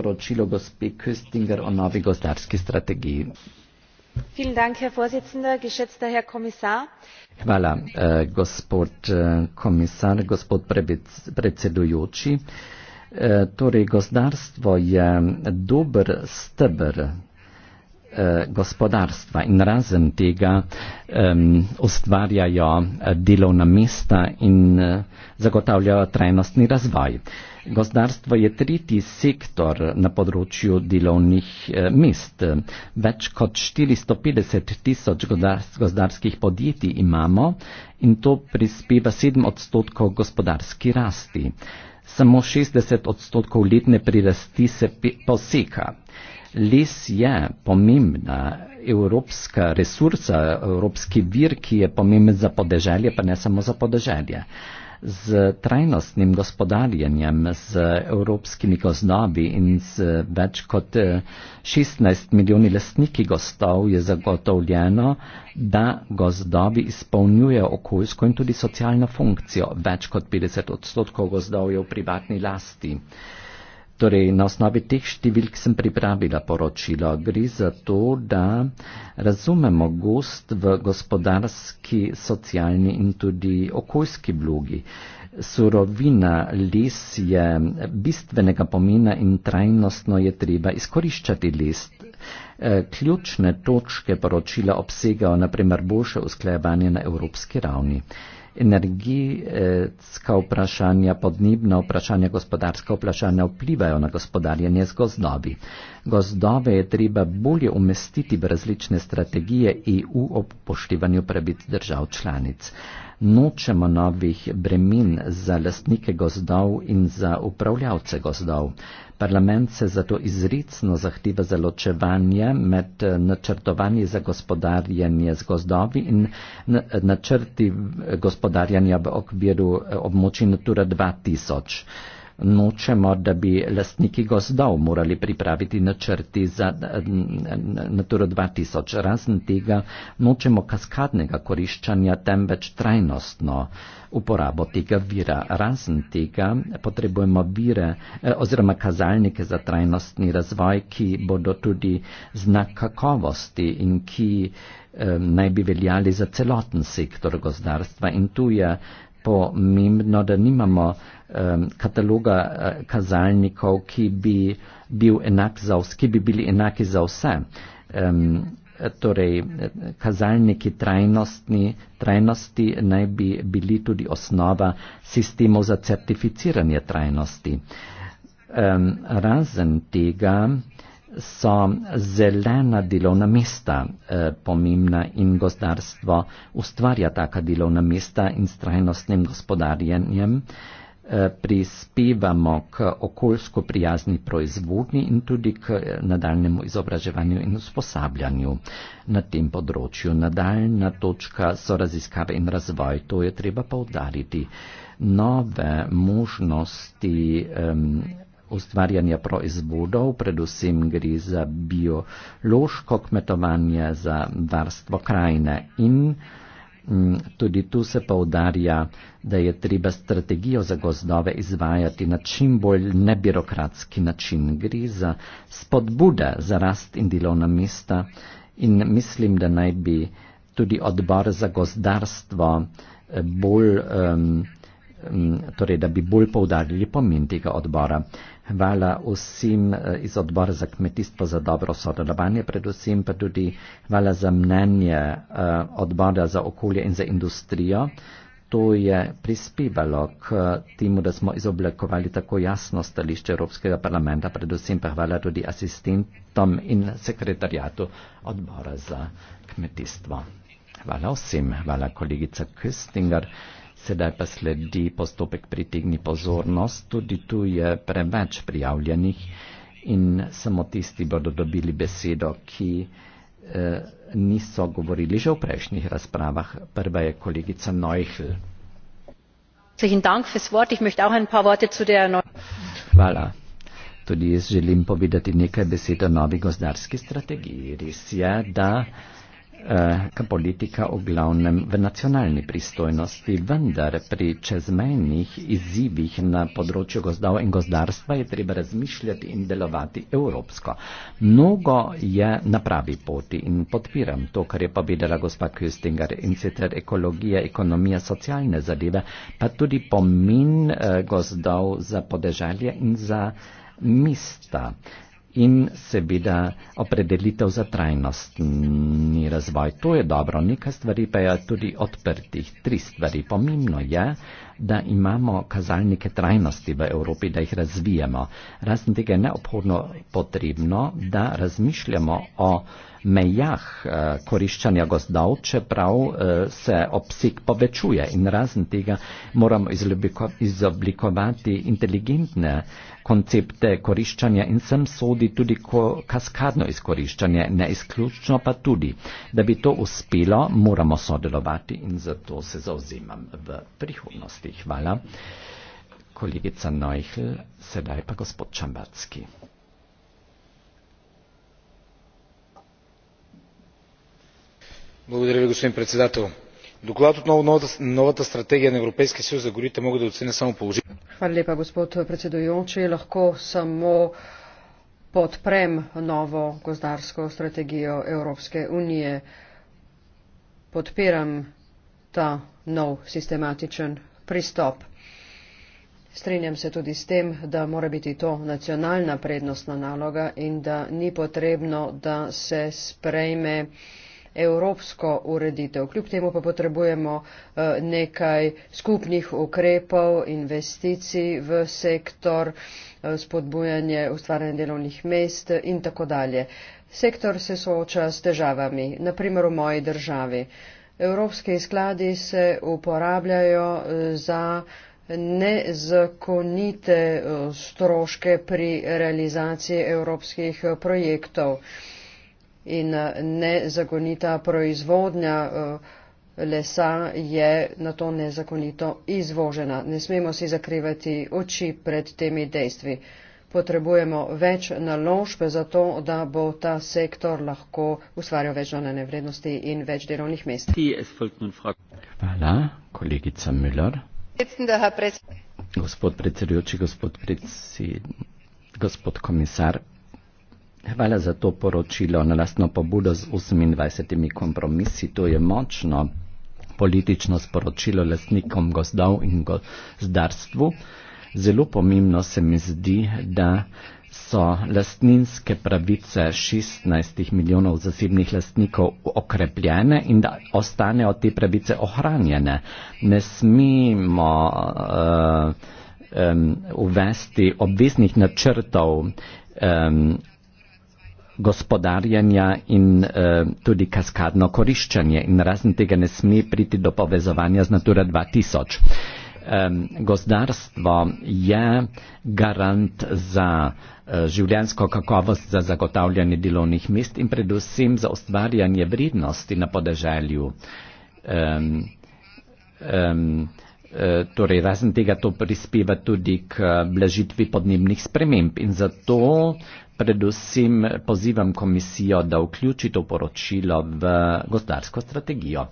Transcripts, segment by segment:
poročilo gospe Köstinger o novi gospodarski strategiji. Dank, Herr Herr Kommissar. Hvala, eh, gospod eh, komisar, gospod predsedujoči. Eh, torej, gospodarstvo je dober stebr Eh, gospodarstva in razen tega um, ustvarjajo eh, delovna mesta in uh, zagotavljajo trajnostni razvoj. Gospodarstvo je tretji sektor na področju delovnih uh, mest. Več kot 450 tisoč gospodarskih podjetij imamo in to prispeva 7 odstotkov gospodarski rasti. Samo 60 odstotkov letne prirasti se poseka. Les je pomembna evropska resursa, evropski vir, ki je pomemben za podeželje, pa ne samo za podeželje. Z trajnostnim gospodarjenjem, z evropskimi gozdovi in z več kot 16 eh, milijoni lesniki gostov je zagotovljeno, da gozdovi izpolnjujejo okoljsko in tudi socialno funkcijo. Več kot 50 odstotkov gozdov je v privatni lasti. Torej, na osnovi teh številk sem pripravila poročilo. Gre za to, da razumemo gost v gospodarski, socialni in tudi okoljski blugi. Surovina les je bistvenega pomena in trajnostno je treba izkoriščati les. Eh, ključne točke poročila obsegajo naprimer boljše usklajevanje na evropski ravni energiji, energetska eh, vprašanja, podnebna vprašanja, gospodarska vprašanja vplivajo na gospodarjenje z gozdovi. Gozdove je treba bolje umestiti v različne strategije EU ob upoštevanju prebit držav članic. Nočemo novih bremin za lastnike gozdov in za upravljavce gozdov. Parlament se zato izricno zahteva za ločevanje med eh, načrtovanjem za gospodarjenje z gozdovi in eh, načrti gospodarjenja podarjanja v okviru eh, območij Natura 2000 nočemo, da bi lastniki gozdov morali pripraviti načrti za Natura 2000. Razen tega nočemo kaskadnega koriščanja, temveč trajnostno uporabo tega vira. Razen tega potrebujemo vire eh, oziroma kazalnike za trajnostni razvoj, ki bodo tudi znak kakovosti in ki eh, naj bi veljali za celoten sektor gozdarstva in tu je pomembno, da nimamo um, kataloga uh, kazalnikov, ki bi, bil enak za, ki bi bili enaki za vse. Um, torej, kazalniki trajnosti naj bi bili tudi osnova sistemov za certificiranje trajnosti. Um, razen tega, so zelena delovna mesta eh, pomembna in gospodarstvo ustvarja taka delovna mesta in s trajnostnim gospodarjenjem eh, prispevamo k okoljsko prijazni proizvodnji in tudi k eh, nadaljnemu izobraževanju in usposabljanju na tem področju. Nadaljna točka so raziskave in razvoj, to je treba poudariti. Nove možnosti. Eh, ustvarjanja proizvodov, predvsem gre za biološko kmetovanje, za varstvo krajine. In mm, tudi tu se povdarja, da je treba strategijo za gozdove izvajati na čim bolj nebirokratski način. Gre za spodbude za rast in delovna mesta in mislim, da naj bi tudi odbor za gozdarstvo eh, bolj, um, torej da bi bolj povdarjali pomen tega odbora. Hvala vsem eh, iz odbora za kmetijstvo za dobro sodelovanje, predvsem pa tudi hvala za mnenje eh, odbora za okolje in za industrijo. To je prispevalo k eh, temu, da smo izoblikovali tako jasno stališče Evropskega parlamenta, predvsem pa hvala tudi asistentom in sekretarjatu odbora za kmetijstvo. Hvala vsem, hvala kolegica Kristinger. Sedaj pa sledi postopek pritigni pozornost, tudi tu je preveč prijavljenih in samo tisti bodo dobili besedo, ki eh, niso govorili že v prejšnjih razpravah. Prva je kolegica Neuchl. Hvala. Tudi jaz želim povedati nekaj besed o novi gozdarski strategiji. Res je, da eh, Eh, ka politika v glavnem v nacionalni pristojnosti, vendar pri čezmejnih izzivih na področju gozdov in gozdarstva je treba razmišljati in delovati evropsko. Mnogo je na pravi poti in podpiram to, kar je povedala gospa Kustinger in sicer ekologija, ekonomija, socialne zadeve, pa tudi pomin eh, gozdov za podeželje in za mesta in seveda opredelitev za trajnostni razvoj. To je dobro, nekaj stvari pa je tudi odprtih. Tri stvari. Pomembno je, da imamo kazalnike trajnosti v Evropi, da jih razvijemo. Razen tega je neobhodno potrebno, da razmišljamo o mejah eh, koriščanja gozdov, čeprav eh, se obseg povečuje in razen tega moramo izoblikovati inteligentne eh, koncepte koriščanja in sem sodi tudi ko kaskadno izkoriščanje, ne izključno pa tudi, da bi to uspelo, moramo sodelovati in zato se zauzemam v prihodnosti. Hvala. Kolegica Neuchl, sedaj pa gospod Čambacki. Благодаря ви, господин председател доклад относно новата стратегия на европейския съюз за горите мога да оценя само положително. podprem novo gozdarsko strategijo Evropske unije. Podpiram ta nov sistematičen pristop. Strinjam se tudi s tem, da mora biti to nacionalna prednostna naloga in da ni potrebno, da se sprejme uh, evropsko ureditev. Kljub temu pa potrebujemo eh, nekaj skupnih ukrepov, investicij v sektor, eh, spodbujanje ustvarjanja delovnih mest in tako dalje. Sektor se sooča s težavami, naprimer v moji državi. Evropski skladi se uporabljajo eh, za nezakonite stroške pri realizaciji evropskih projektov in eh, nezakonita proizvodnja eh, lesa je na to nezakonito izvožena. Ne smemo si zakrivati oči pred temi dejstvi. Potrebujemo več naložb za to, da bo ta sektor lahko ustvarjal več dodane vrednosti in več delovnih mest. Hvala, kolegica Müller. Gospod predsedujoči, gospod, predsed... gospod komisar, Hvala za to poročilo na lastno pobudo z 28 kompromisi. To je močno politično sporočilo lastnikom gozdov in gozdarstvu. Zelo pomembno se mi zdi, da so lastninske pravice 16 milijonov zasebnih lastnikov okrepljene in da ostanejo te pravice ohranjene. Ne smemo uh, um, uvesti obveznih načrtov um, gospodarjanja in e, tudi kaskadno koriščanje. In razen tega ne sme priti do povezovanja z Natura 2000. E, gozdarstvo je garant za e, eh, življansko kakovost, za zagotavljanje delovnih mest in predvsem za ustvarjanje vrednosti na podeželju. E, e, Eh, torej razen tega to prispeva tudi k eh, blažitvi podnebnih sprememb in zato predvsem pozivam komisijo, da vključi to poročilo v gospodarsko strategijo.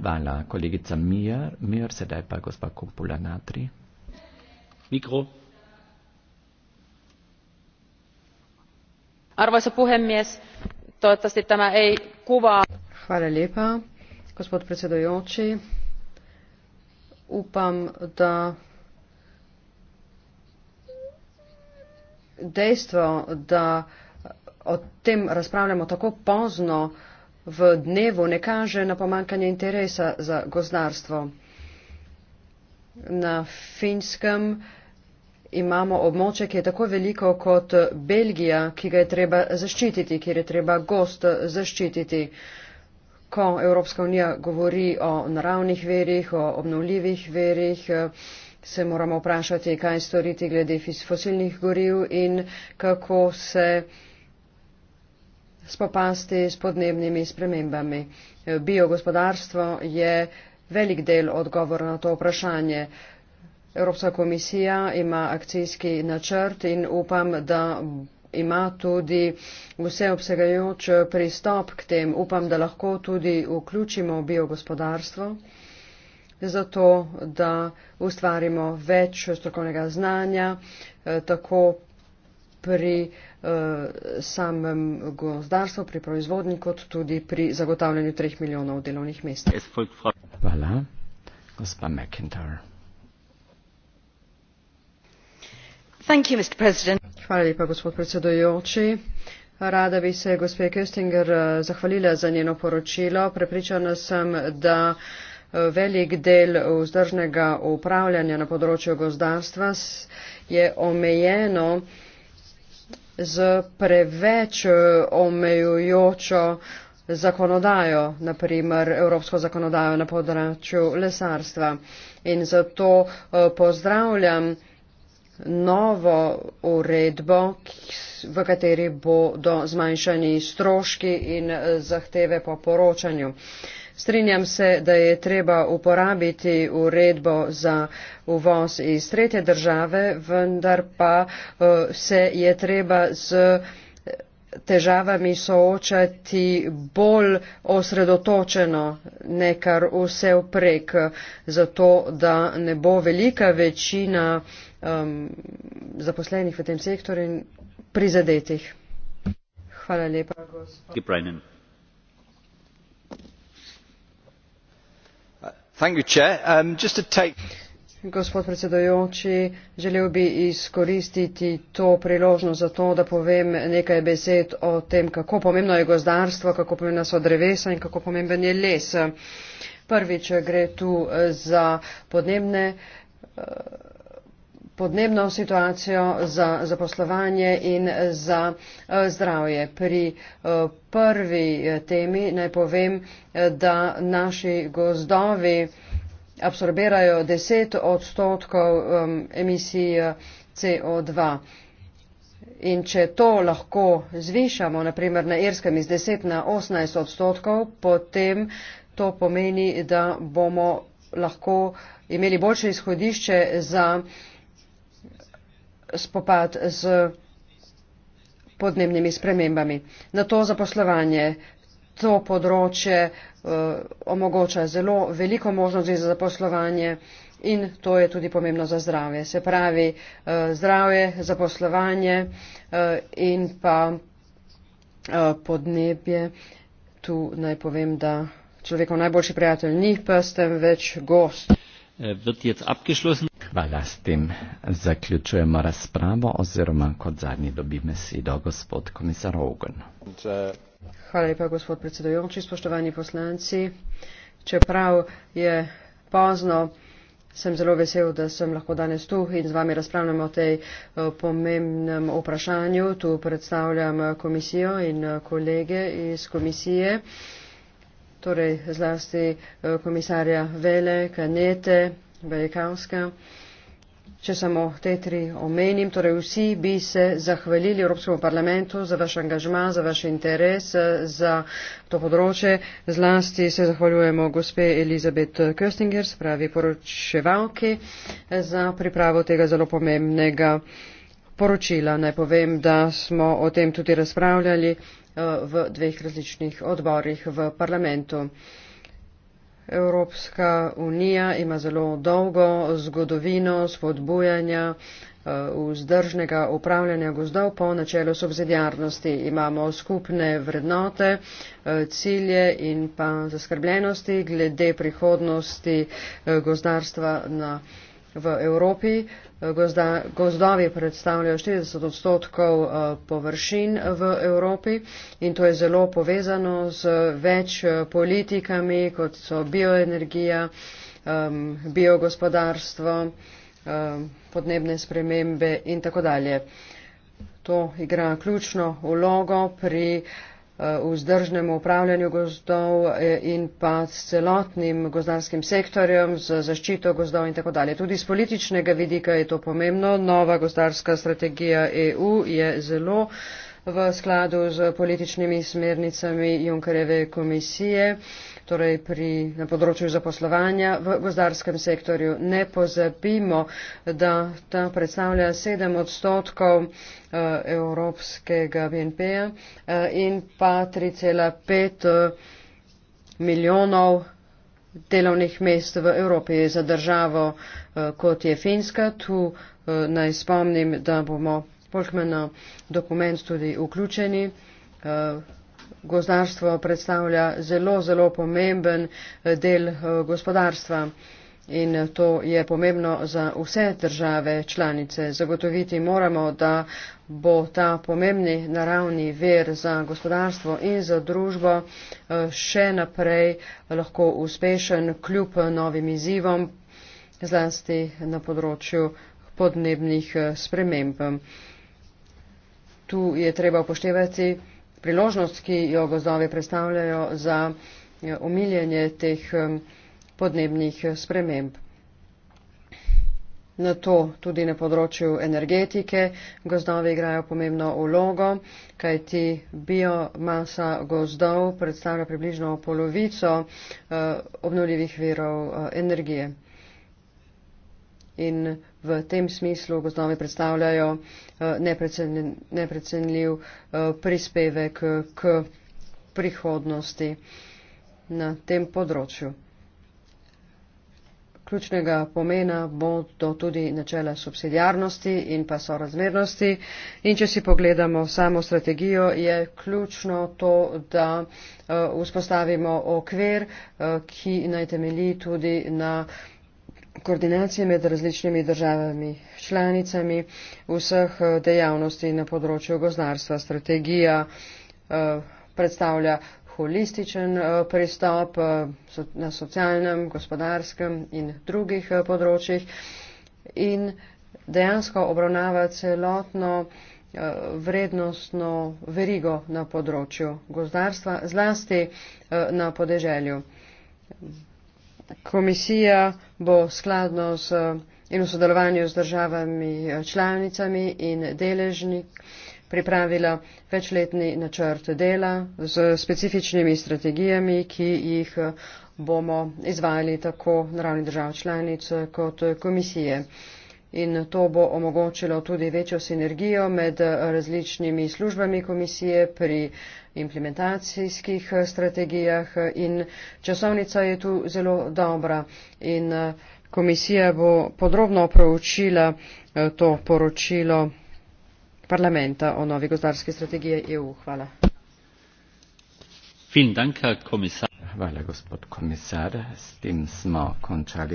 Hvala, kolegica Mir, Mir sedaj pa gospa Kupula Natri. Mikro. Arvoisa puhemies, toivottavasti tämä ei kuvaa. Hvala lepa, gospod predsedojoči upam, da dejstvo, da o tem razpravljamo tako pozno v dnevu, ne kaže na pomankanje interesa za gozdarstvo. Na finskem imamo območje, ki je tako veliko kot Belgija, ki ga je treba zaščititi, kjer je treba gost zaščititi. Uh, ko Evropska unija govori o naravnih verjih, o obnovljivih verjih, eh, se moramo vprašati, kaj storiti glede fosilnih goriv in kako se spopasti s podnebnimi spremembami. Eh, biogospodarstvo je velik del odgovora na to vprašanje. Evropska komisija ima akcijski načrt in upam, da ima tudi vseobsegajoč pristop k tem. Upam, da lahko tudi vključimo biogospodarstvo, zato da ustvarimo več strokovnega znanja, eh, tako pri eh, samem gozdarstvu, pri proizvodnji, kot tudi pri zagotavljanju 3 milijonov delovnih mest. Hvala. Gospa McIntyre. rada bi se gospe kstinger eh, zahvalila za njeno poročilo prepričana sem da eh, velik del vzdržnega upravljanja na področju gozdarstva je omejeno z preveč eh, omejujočo zakonodajo naprimer evropsko zakonodajo na področju lesarstva in zato pozdravljam novo uredbo, v kateri bodo zmanjšani stroški in eh, zahteve po poročanju. Strinjam se, da je treba uporabiti uredbo za uvoz iz tretje države, vendar pa eh, se je treba z eh, težavami soočati bolj osredotočeno, nekar vse vprek, zato da ne bo velika večina um, zaposlenih v tem sektorju in prizadetih. Hvala lepa, gospod. Thank you, uh, Chair. Um, just to take... Gospod predsedojoči, želel bi izkoristiti to priložnost za to, da povem nekaj besed o tem, kako pomembno je gozdarstvo, kako pomembna so drevesa in kako pomemben je les. Prvič gre tu eh, za podnebne uh, podnebno situacijo, za zaposlovanje in za eh, zdravje. Pri eh, prvi eh, temi naj povem, da naši gozdovi absorbirajo 10 odstotkov emisij CO2. In če to lahko zvišamo, naprimer na Irskem iz 10 na 18 odstotkov, potem to pomeni, da bomo lahko imeli boljše izhodišče za uh, spopad z podnebnimi spremembami. Na to zaposlovanje to področje uh, omogoča zelo veliko možnosti za zaposlovanje in to je tudi pomembno za zdravje. Se pravi, uh, zdravje, zaposlovanje uh, in pa uh, podnebje. Tu naj povem, da človekov najboljši prijatelj ni pes, temveč gost. Uh, Hvala, s tem zaključujemo razpravo oziroma kot zadnji dobi besedo gospod komisar Ogen. Hvala lepa, gospod predsedujoči, spoštovani poslanci. Čeprav je pozno, sem zelo vesel, da sem lahko danes tu in z vami razpravljam o tej eh, pomembnem vprašanju. Tu predstavljam eh, komisijo in eh, kolege iz komisije, torej zlasti komisarja Vele, Kanete Bejkanska. Če samo te tri omenim, torej vsi bi se zahvalili Evropskemu parlamentu za vaš angažma, za vaš interes za to področje. Zlasti se zahvaljujemo gospe Elizabet Köstinger, spravi poročevalki, za pripravo tega zelo pomembnega poročila. Naj povem, da smo o tem tudi razpravljali eh, v dveh različnih odborih v parlamentu. Evropska unija ima zelo dolgo zgodovino spodbujanja eh, vzdržnega upravljanja gozdov po načelu subsidijarnosti. Imamo skupne vrednote, eh, cilje in pa zaskrbljenosti glede prihodnosti eh, gozdarstva na Evropi v Evropi. Eh, gozda, gozdovi predstavljajo 40 odstotkov eh, površin v Evropi in to je zelo povezano z več eh, politikami, kot so bioenergija, um, biogospodarstvo, um, podnebne spremembe in tako dalje. To igra ključno vlogo pri uh, Eh, vzdržnem upravljanju gozdov eh, in pa s celotnim gozdarskim sektorjem, z zaščito gozdov in tako dalje. Tudi z političnega vidika je to pomembno. Nova gozdarska strategija EU je zelo uh, v skladu z političnimi smernicami Junkereve komisije, torej pri, na področju zaposlovanja v gozdarskem sektorju. Ne pozabimo, da ta predstavlja 7 odstotkov eh, evropskega BNP-ja eh, in pa 3,5 eh, milijonov delovnih mest v Evropi za državo, kot je Finska. Tu naj spomnim, da bomo Polšmena dokument tudi vključeni. Eh, gozdarstvo predstavlja zelo, zelo pomemben eh, del eh, gospodarstva in to je pomembno za vse države članice. Zagotoviti moramo, da bo ta pomembni naravni ver za gospodarstvo in za družbo še naprej lahko uspešen kljub novim izzivom, zlasti na področju podnebnih sprememb tu je treba upoštevati priložnost, ki jo gozdove predstavljajo za eh, omiljanje teh eh, podnebnih eh, sprememb. Na to tudi na področju energetike gozdove igrajo pomembno vlogo, kajti biomasa gozdov predstavlja približno polovico obnovljivih virov energije in v tem smislu gozdovi predstavljajo eh, neprecenljiv eh, prispevek k prihodnosti na tem področju. Ključnega pomena bodo tudi načela subsidijarnosti in pa sorazmernosti. In če si pogledamo samo strategijo, je ključno to, da uh, vzpostavimo okvir, uh, ki naj temelji tudi na uh, koordinacije med različnimi državami članicami vseh eh, dejavnosti na področju gozdarstva. Strategija eh, predstavlja holističen eh, pristop na socialnem, gospodarskem in drugih področjih in dejansko obravnava celotno vrednostno verigo na področju gozdarstva, zlasti na podeželju. Komisija bo skladno z in v sodelovanju z državami eh, članicami in deležnik pripravila večletni načrt dela z specifičnimi strategijami, ki jih eh, bomo izvajali tako na ravni držav članic eh, kot komisije in to bo omogočilo tudi večjo sinergijo med različnimi službami komisije pri implementacijskih strategijah in časovnica je tu zelo dobra in eh, komisija bo podrobno proučila eh, to poročilo parlamenta o novi gospodarski strategiji EU. Hvala. Hvala, gospod komisar. S tem smo končali.